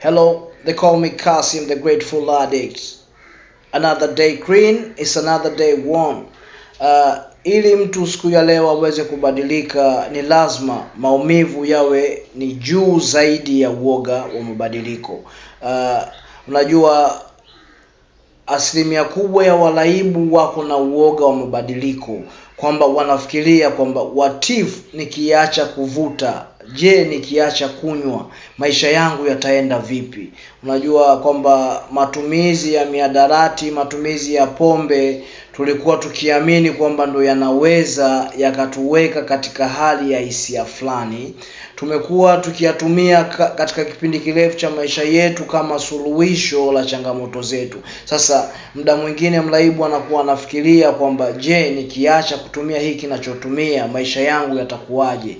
Hello, they call me Kasim the Grateful Addict. Another day green is another day warm. Uh, ili mtu siku ya leo aweze kubadilika, ni lazima maumivu yawe ni juu zaidi ya uoga wa mabadiliko. Uh, unajua asilimia kubwa ya waraibu wako na uoga wa mabadiliko, kwamba wanafikiria kwamba watif nikiacha kuvuta Je, nikiacha kunywa maisha yangu yataenda vipi? Unajua kwamba matumizi ya miadarati matumizi ya pombe tulikuwa tukiamini kwamba ndo yanaweza yakatuweka katika hali ya hisia fulani. Tumekuwa tukiyatumia katika kipindi kirefu cha maisha yetu kama suluhisho la changamoto zetu. Sasa muda mwingine mraibu anakuwa anafikiria kwamba je, nikiacha kutumia hiki kinachotumia maisha yangu yatakuwaje?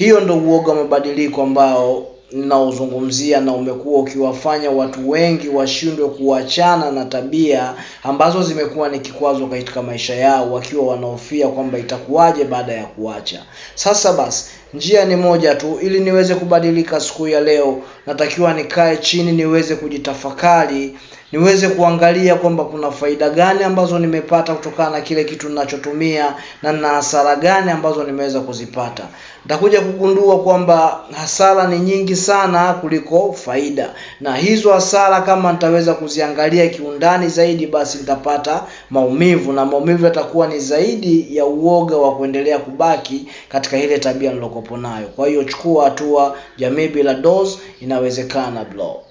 Hiyo ndo uoga mabadiliko ambao ninaozungumzia na umekuwa ukiwafanya watu wengi washindwe kuachana na tabia ambazo zimekuwa ni kikwazo katika maisha yao, wakiwa wanahofia kwamba itakuwaje baada ya kuacha. Sasa basi Njia ni moja tu, ili niweze kubadilika siku ya leo, natakiwa nikae chini, niweze kujitafakari, niweze kuangalia kwamba kuna faida gani ambazo nimepata kutokana na kile kitu ninachotumia na na hasara gani ambazo nimeweza kuzipata. Nitakuja kugundua kwamba hasara ni nyingi sana kuliko faida, na hizo hasara kama nitaweza kuziangalia kiundani zaidi, basi nitapata maumivu, na maumivu yatakuwa ni zaidi ya uoga wa kuendelea kubaki katika ile tabia niloko ukopo nayo. Kwa hiyo chukua hatua. Jamii bila dose, inawezekana bro.